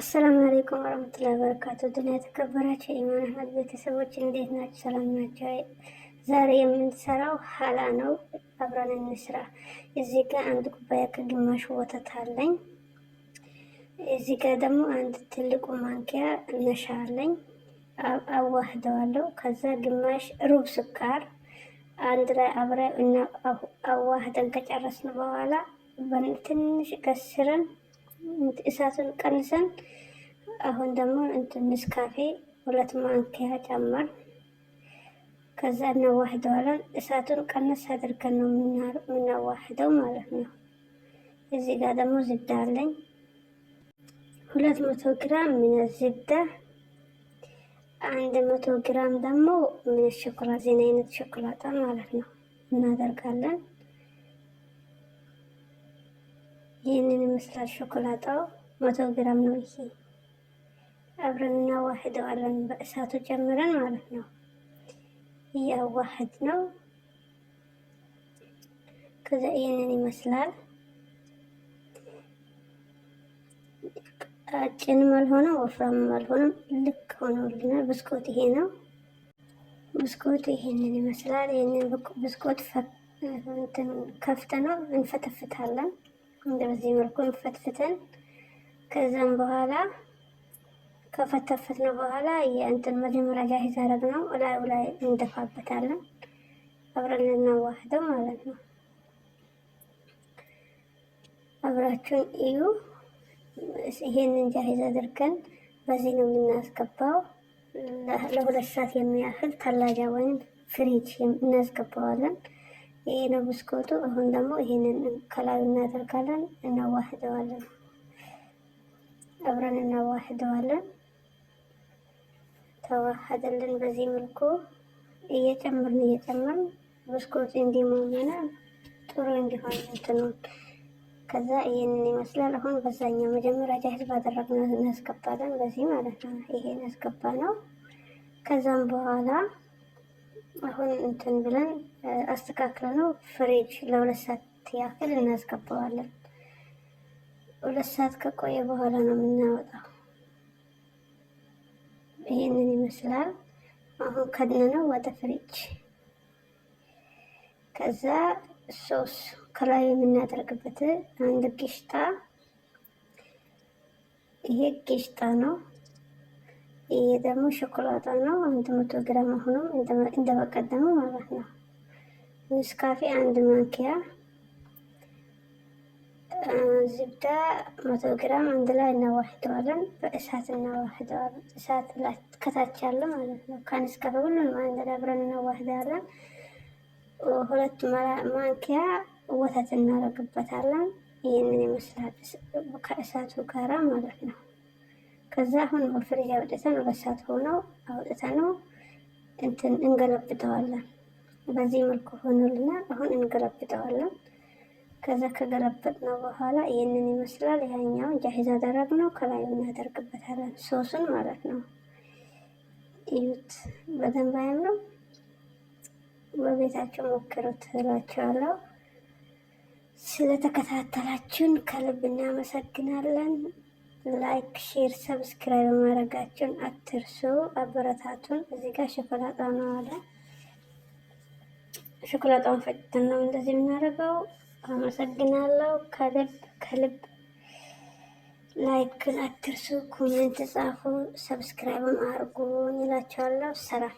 አሰላም አለይኩም ወረህመቱላሂ ወበረካቱ ድና የተከበራችሁ የኢማን አህመድ ቤተሰቦች እንዴት ናቸው? ሰላም ናቸው? ዛሬ የምንሰራው ሀላ ነው። አብረን እንስራ። እዚህ ጋር አንድ ኩባያ ከግማሹ ወተት አለኝ። እዚህ ጋር ደግሞ አንድ ትልቁ ማንኪያ ነሻ አለኝ። አዋህደዋለሁ። ከዛ ግማሽ ሩብ ስኳር አንድ ላይ አብረ አዋህደን ከጨረስን በኋላ ትንሽ ከስረን እሳቱን ቀንሰን አሁን ደግሞ እንትንስ ካፌ ሁለት ማንኪያ ጨመር። ከዛ እናዋህደዋለን። እሳቱን ቀነስ አድርገን ነው የምናዋህደው ማለት ነው። እዚህ ጋር ደግሞ ዝብዳ አለኝ ሁለት መቶ ግራም ምን ዝብዳ፣ አንድ መቶ ግራም ደግሞ ምን ሸኮላ ዜና አይነት ሸኮላጣ ማለት ነው እናደርጋለን። ይህንን ይመስላል ሾኮላጣው። መቶ ግራም ነው ይሄ። አብረን እናዋህደዋለን በእሳቱ ጨምረን ማለት ነው። እያዋህድ ነው። ከዛ ይህንን ይመስላል። አጭንም አልሆነም ወፍራም አልሆነም፣ ልክ ሆኖልናል። ብስኮት ይሄ ነው። ብስኮት ይሄንን ይመስላል። ይህንን ብስኮት ከፍተ ነው እንፈተፍታለን። በዚህ መልኩ ፈትፍተን ከዛም በኋላ ከፈተፈት ነው በኋላ የእንትን መጀመሪያ ጃሂዝ አረግ ነው እላዩ ላይ እንደፋበታለን አብረን ልናዋህደው ማለት ነው። አብራችሁን እዩ። ይሄንን ጃሂዝ አድርገን በዚህ ነው የምናስገባው። ለሁለት ሰዓት የሚያህል ታላጃ ወይም ፍሪጅ እናስገባዋለን። ይሄ ነው ብስኮቱ። አሁን ደግሞ ይሄንን ከላዩ እናደርጋለን፣ እናዋህደዋለን፣ አብረን እናዋህደዋለን። ተዋህደልን። በዚህ መልኩ እየጨመርን እየጨመርን ብስኮቱ እንዲሞመና ጥሩ እንዲሆን እንትኑ ከዛ ይሄንን ይመስላል። አሁን በዛኛው መጀመሪያ ጃህዝ ባደረግነው እናስገባለን፣ በዚህ ማለት ነው። ይሄን አስገባ ነው። ከዛም በኋላ አሁን እንትን ብለን አስተካክለ ነው ለሁለት ሰዓት ያክል እናስገባዋለን። ሁለት ሰዓት ከቆየ በኋላ ነው የምናወጣው። ይህንን ይመስላል። አሁን ከድነ ነው ወደ ፍሬጅ ከዛ ሶስ ከላይ የምናደርግበት አንድ ጌሽጣ፣ ይሄ ቂሽጣ ነው። ይሄ ደግሞ ሸኮላታ ነው። አንድ መቶ ግራም ሆኖም እንደበቀደሙ ማለት ነው። ንስካፌ አንድ ማንኪያ፣ ዝብዳ መቶ ግራም አንድ ላይ እናዋህደዋለን። በእሳት እናዋህደዋለን። እሳት ከታች ያለ ማለት ነው። ከኔስካፌ ሁሉንም አንድ ላይ አብረን እናዋህደዋለን። ሁለት ማንኪያ ወተት እናደርግበታለን። ይህንን ይመስላል ከእሳቱ ጋራ ማለት ነው። ከዛ አሁን ፍሪጅ አውጥተን በሳት ሆኖ አውጥተነው እንትን እንገለብጠዋለን። በዚህ መልኩ ሆኖልና አሁን እንገለብጠዋለን። ከዛ ከገለበጥነው በኋላ ይህንን ይመስላል። ይሄኛውን ጃሂዝ አደረግነው። ከላይ እናደርግበታለን ሶሱን ማለት ነው። እዩት፣ በደንብ አያምርም? በቤታቸው ሞክሩት እላችኋለሁ። ስለተከታተላችሁን ከልብ እናመሰግናለን። ላይክ፣ ሼር፣ ሰብስክራይብ ማድረጋችሁን አትርሱ። አበረታቱን። እዚህ ጋር ሸኮላጣ ነው አለ። ሸኮላጣውን ፈጭተን ነው እንደዚህ የምናደርገው። አመሰግናለሁ ከልብ ከልብ። ላይክ አትርሱ፣ ኮሜንት ጻፉ፣ ሰብስክራይብም አድርጉ ይላችኋለሁ። ሰላም